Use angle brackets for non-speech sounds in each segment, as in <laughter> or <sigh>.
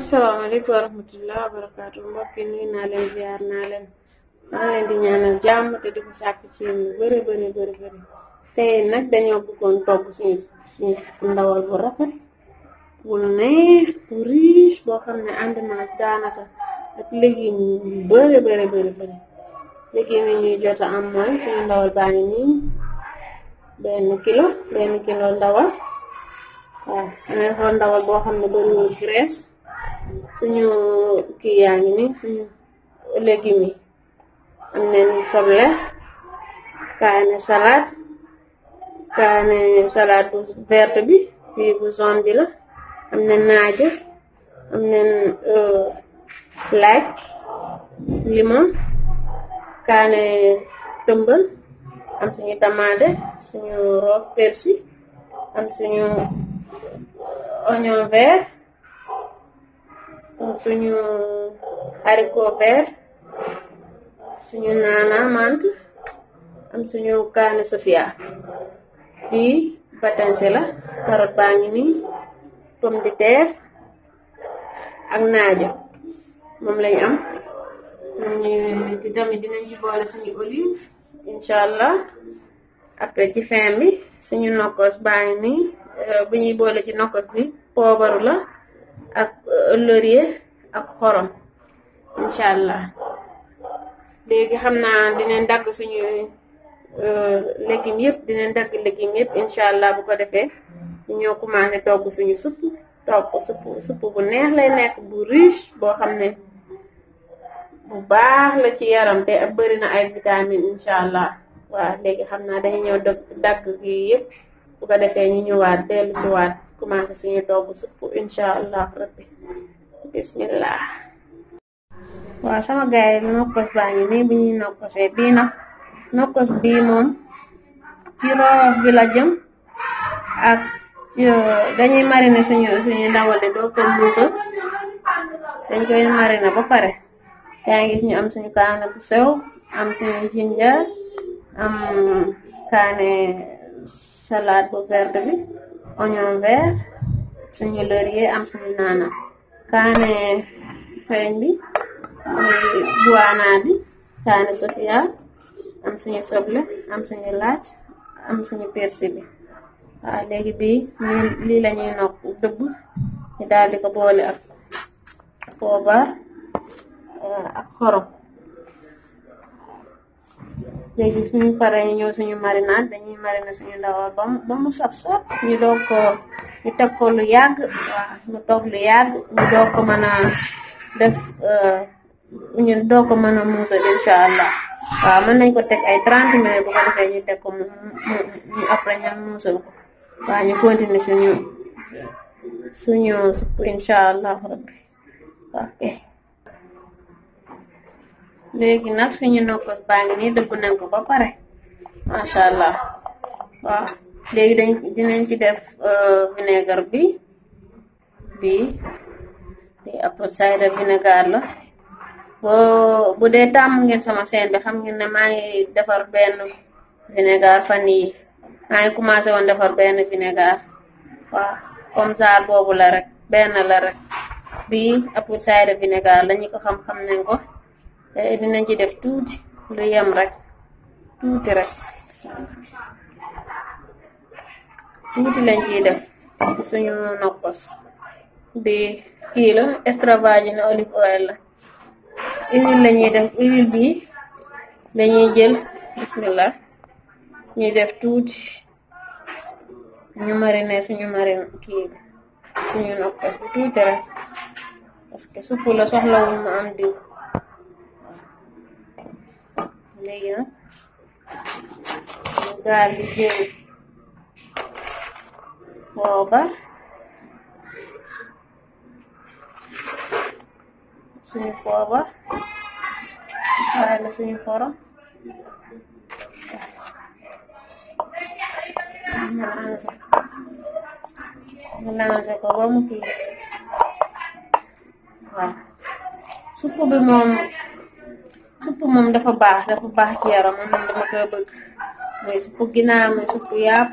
asalaamaaleykum wa rahmatulah wa barakaatu mbokk yi naa leen ziar naa leen maa leen di ñaanal jàmm te di ko sàkk ci yéen lu bëri bëri bëri bëri tey nag dañoo bëggoon togg suñu suñu ndawal bu rafet bu neex bu riche boo xam ne ànd na daanaka ak légumes yu bëri bëri bëri bëri légumes yi ñuy jot a am mooy suñu ndawal baa ngi nii benn kilo benn kilo ndawal waaw amee xool ndawal boo xam ne bëriwul graisse suñu kii yaa ngi ni suñu mm. légumes yi am nañ soble kaane salade kaane salade bu verte bi bii bu jaune bi la am na naaja am nañ euh, laaj limon kaane tëmbal am suñu tamaate suñu roof persil am suñu oignon suñu haricot vert suñu naana mant am suñu kaani sofia bii batanse la carotte baa ngi nii pomme de terre ak naajo moom lañ am ñu tamit dinañ ci boole suñu olive incha allah après ci fin bi suñu nokkos baa ngi nii eh, bu ñuy ci nokkos bi poobaru la ak euh, laurier ak xorom incha allah léegi xam naa dinañ dagg suñu euh, légumes yëpp dinañ dagg légumes yëpp incha allah bu ko defee ñoo commencé togg suñu supp togg supp supp bu neex lay nekk bu riche boo xam ne bu baax la ci yaram te bëri na ay vitamine incha allah waaw léegi xam naa dañu ñëw dagg gi yëpp bu ko defee ñu ñëwaat dellu si waat kumasa sa inyo daw. Gusto po, inshallah, grabe. Bismillah. Wa sa magay, nukos ba nyo? Ni binin nukos eh. Bino. Nukos bino. Tiro vilajam. At yo dañuy marina sa inyo, sa inyo dawal eh. Doko muso. Dañ ko yung marina pa pare. Kaya gis nyo am sa inyo kaana po sew. Am sa inyo ginger. Am kane salad bu verde oignon vert suñu laurier am suñu naana kaane feeñ bi buwaana bi sofia am suñu soble am suñu laaj am suñu persil léegi bi lii lañuy nokk dëbb ñu daal ko boole ak poobar ak xorom léegi suñu paree ñëw suñu marinade dañuy mariner suñu ndawal ba mu ba mu saf saf ñu doog ko ñu teg ko lu yàgg waaw mu toog lu yàgg ñu doog ko mën a def ñu doog ko mën a muusal incha allah waaw mën nañ ko teg ay trente minutes bu ko defee ñu teg ko mu mu après ñu muusal ko waaw ñu continuer suñu suñu supp allah rabbi léegi nag suñu nokkos baa ngi nii nañ ko ba pare macha allah waaw léegi dañ dinañ ci def euh, vinaigre bi bi di apple cider vinegar la boo bu dee tàmm ngeen sama seen bi xam ngeen ne maa ngi defar benn vinaigre fan yi maa ngi commencé woon defar benn vinaigre waaw comme ça boobu la rek benn la rek bi apple cider vinegar la ñu ko xam-xam nañ ko te dinañ ci def tuuti lu yam rek tuuti rek tuuti lañ ciy def ci suñu nokkos bi kii la extra na olive oil la huile lañuy def huile bi dañuy jël bismillah ñuy def tuuti ñu marine ya, suñu marine kii suñu nokkos bi tuuti rek parce que supp la soxlawul mu am diw ya Udah bikin Coba Sini coba Ada sini foro Menasa coba mungkin Wah Supo bemong supp moom dafa baax dafa baax ci yaram moom dama koy bëgg muy suppu ginaar muy suppu yàpp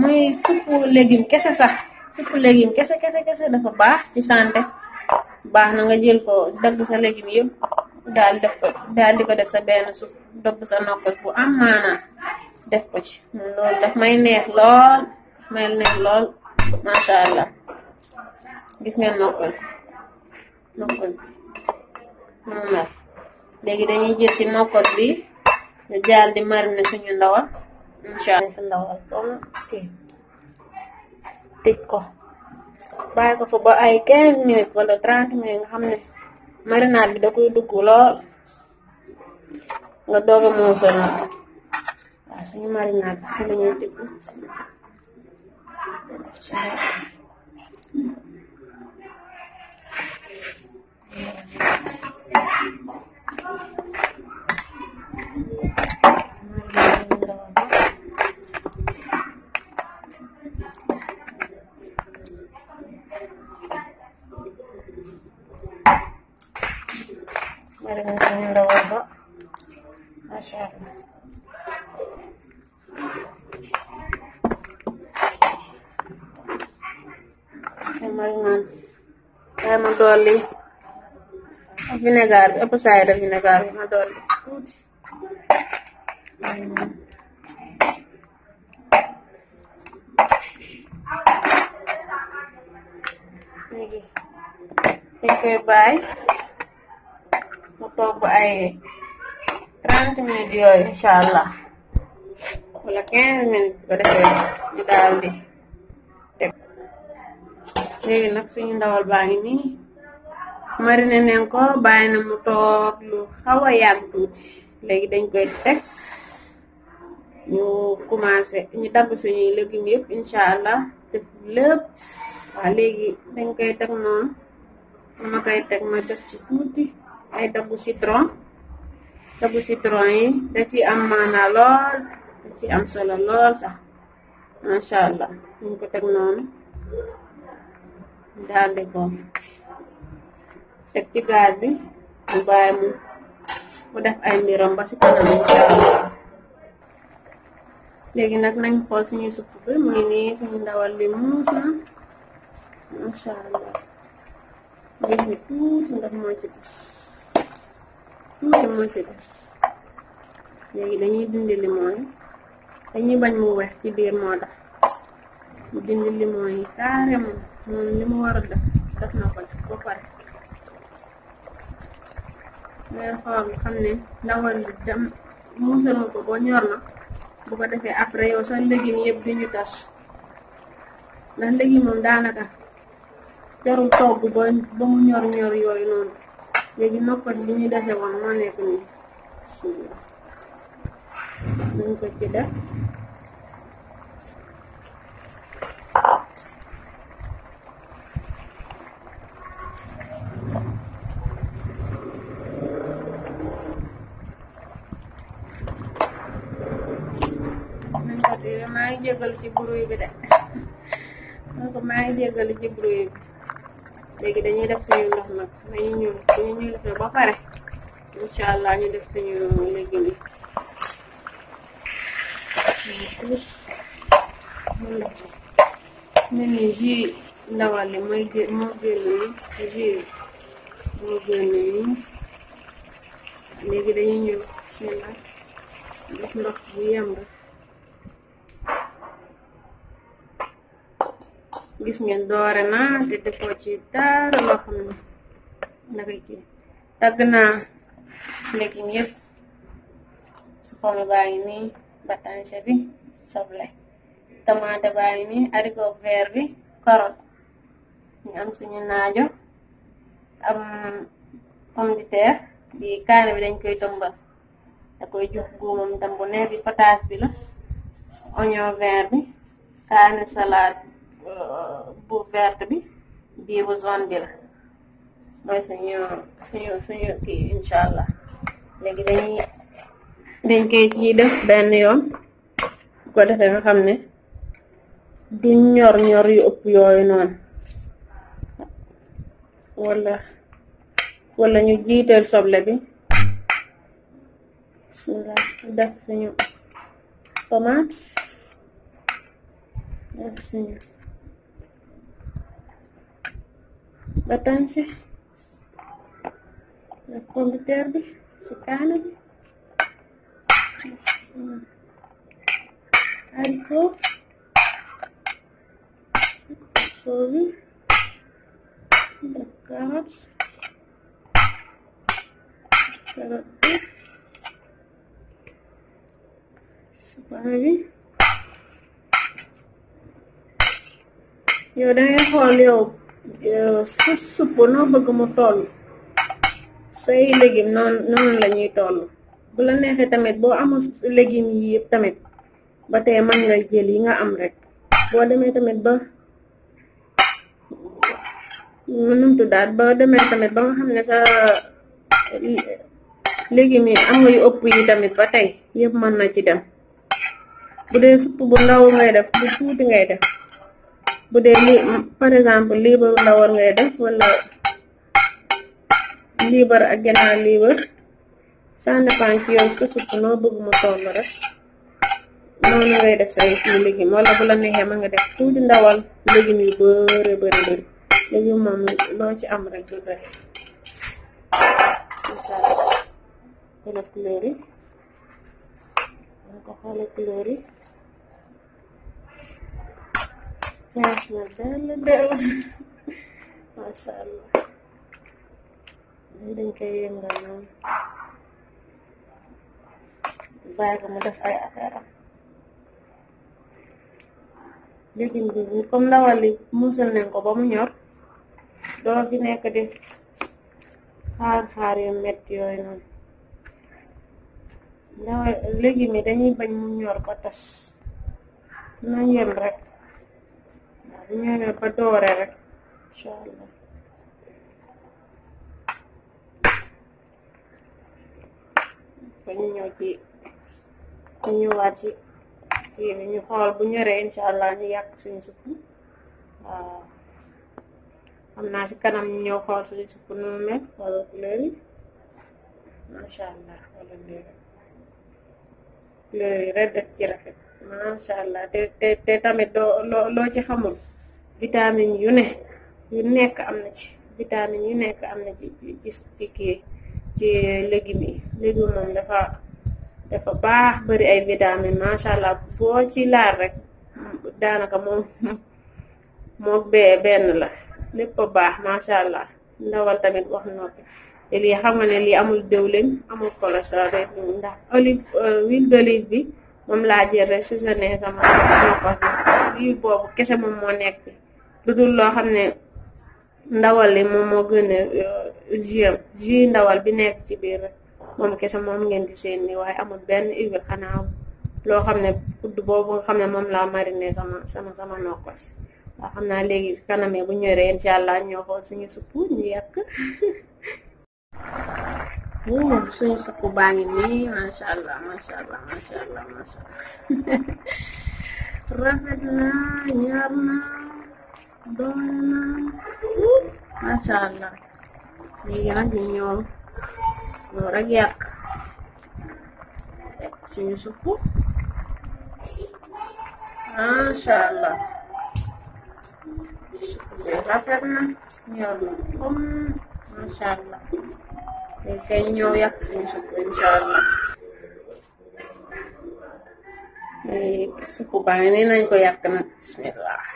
muy suppu légume kese sax suppu légume kese kese kese dafa baax ci santé baax na nga jël ko dagg sa légume yëpp daal def ko daal di ko def sa benn supp dobb sa nokkas bu am maanaa def ko ci loolu daf may neex lool may neex lool macha allah gis ngeen nokkal nokkal moom la léegi dañuy jël ci nokkot bi ñu jaal di mariner suñu ndawal incha allah ndawal doom ko bàyyi ko fa ba ay quinze minutes wala trente minutes nga xam ne marinade bi da koy dugg lool nga doog a muusal nag suñu marinade bi si la Marinisin yung lobo. Masyari. Ay, marinan. Ay, madoli. Vinegar. apa sa air, vinegar. Madoli. dañ koy bàyyi mu toog ba ay trente minutes yooyu incha allah wala quinze minutes ba defee ñu daal di teg léegi nag suñu ndawal baa ngi nii marine nen ko bàyyi na mu toog lu xaw a yàgg tuuti léegi dañ koy teg ñu commencé ñu dagg suñuy légumes yëpp incha allah def lépp waaw léegi dañ koy teg noonu Mamakai tak matak ciputi. Ay tabu sitro. Tabu sitro ay. Dati am mana lol. Dati sala lol sa. Masya Allah. Mungkin tak non. Dali ko. Tak tigadi. Ang bahay mo. Mudaf ay miram ba si kanam. Masya Allah. léegi nag nañ xool suñu supp bi mu ngi nii na allah jadi tuh singkat macet. Tuh yang macet. Jadi dañuy dindi limon yi banyak bañ mu weex ci biir moo tax mu dindi limon yi carrément moom li mu war a def def na musim ci banyak pare bukan xool xam ne ndawal bi dem muusal ko ba ñor lagi bu perum togg ba ba mu ñor ñor yooyu non léegi noppat bi ñu dese woon moo nekk nii nañ ko ci def maa ngi ci bruit bi de donc maa ngi ci léegi dañuy def suñu ndox nag dañuy ñëw suñu ñuy defee ba pare incha allah ñu def suñu légumes yi mel ni jus ndawal li mooy gé moo génn ni jus moo génn ni léegi dañuy ñëw seen def ndox bu yem gis ngeen doore ci dara Гисмендорена, Дедепочита, Ромахана. На какие? Так на Лекимир. Supaya bayini batan bi soble. Tomate bayini arigo vert bi karot. ñu am suñu naajo am pomme de terre bi kaane bi dañ koy tombal da koy jox guumam tam bu neex bi pataas bi la oignon vert bi kaane salade bu verte bi bii bu zone bi la mooy suñu suñu suñu kii incha allah léegi dañuy dañ koy ciy def benn yoon bu ko defee nga xam ne du ñor ñor yu ëpp yooyu noon wala wala ñu jiiteel soble bi bismillah def suñu tomate def batanse la pomme terbi si cane di arco sovi bacaps supaya, supari yaudah ya kalau su suppu noo bëgg mu toll say légumes noonu noonu la ñuy toll bu la neexee tamit boo amul légumes yi yëpp tamit ba tey mën nga jël yi nga am rek boo demee tamit ba mënumtu daat boo demee tamit ba nga xam ne sa légumes yi am nga yu ëpp yi tamit ba tey yëpp mën na ci dem bu dee supp bu ndaw ngay def bu tuuti ngay def bu dee li par exemple liibaru ndawar ngay def wala liibar ak gannaaw liibar ça dépend yow sa supp noo bëgg mu rek noonu ngay def say fii légume wala bu la neexee ma nga def tuuti ndawal légume yu bëri bëri moom loo ci am rek du bëri xoolal masalah dan kayak yang dalam saya kemudian saya akhirat légume bi nii comme ndawal li muusal ko ba mu ñor fi nekk di xaar xaar yu metti yooyu noonu ndawal dañuy bañ mu ñor yem rek bu ñëwee ba doore rek incha allah ba ñu ñëw ci ñu ñëwaat ci kii bi ñu xool bu ñoree incha allah ñu yàq suñ supp waaw xam naa si kanam ñu ñëw xool suñu supp nu mu mel wala couleur rek def ci rafet macha allah te te te tamit loo loo ci xamul vitamine yu ne yu nekk am na ci vitamine yu nekk am na ci ci ci kii ci légumes yi légume moom dafa dafa baax bari ay vitamine macha allah boo ci laal rek daanaka moom <laughs> mook bee benn la lépp a baax macha allah ndawal tamit wax noppi te lii xam nga ne lii amul dëwlin amul cholestérol rek ndax olive euh, huile d'olive bi moom laa jël rek si sa nee sama ko boobu kese moom moo nekk lu dul loo xam ne ndawal li moom moo gën a jus euh, jus ndawal bi nekk ci biir moom kese moom ngeen di seen nii waaye amul benn huile xanaa loo xam ne kudd boobu nga xam ne moom laa mariné sama sama sama nokkos waaw xam naa léegi kaname bu ñoree incha allah ñoo xool suñu supp ñu yàq wuu <laughs> suñu supp baa ngi nii macha allah macha allah macha allah <laughs> rafet na ñaar na Dona. Masya Allah. Ini kan senyum. Orang ya. Senyum suku. Masya Allah. Sudah pernah. Ya Allah. Masya Allah. Pequeño ya senyum suku Masya Allah. Eh, suku bangunin yang kau kena. Bismillah.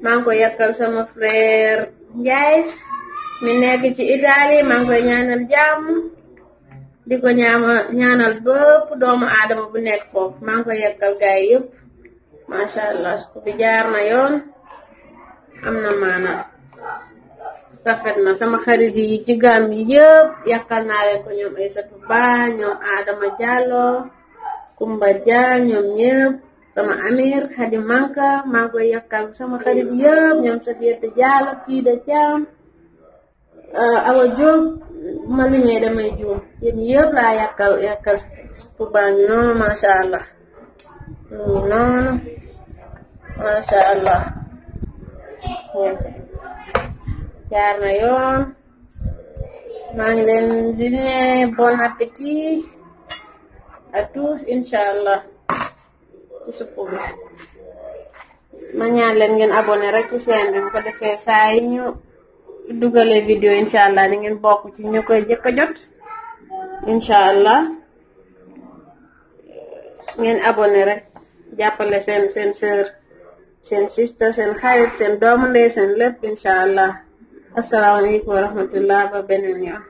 mango yakal sama frère guys, mi nek ci Italie mango ya ñaanal jamm di ñaama ñaanal bëpp doomu adama bu nek fofu mango yakal gaay yëpp allah su bi jaar na yoon amna mana safet na sama xarit yi ci gam yi yëpp yakal na le ko ñoom Aysatu Ba ñoom Adama jallo Kumba jall ñoom ñëpp sama amir hadi manka mango yakam sama kali dia, ñoom sa fiyete jaalo kii da caam eh, awa jóob ma limee damay ya yéen yëpp laa ya ya pour allah hmm, noonu masya allah hmm. jaar na mangden dini ngi leen di bon appétit à tous allah ci suppu bi ma ñaan leen ngeen abonné rek ci chaîne bi bu ko defee saa yi ñu dugalee vidéo incha allah di ngeen bokk ci ñu koy jëkk a jot incha allah ngeen abonné rek jàppale seen seen sœur seen sista seen xarit seen doomu seen lépp incha allah asalaamaaleykum wa rahmatullah ba beneen yoon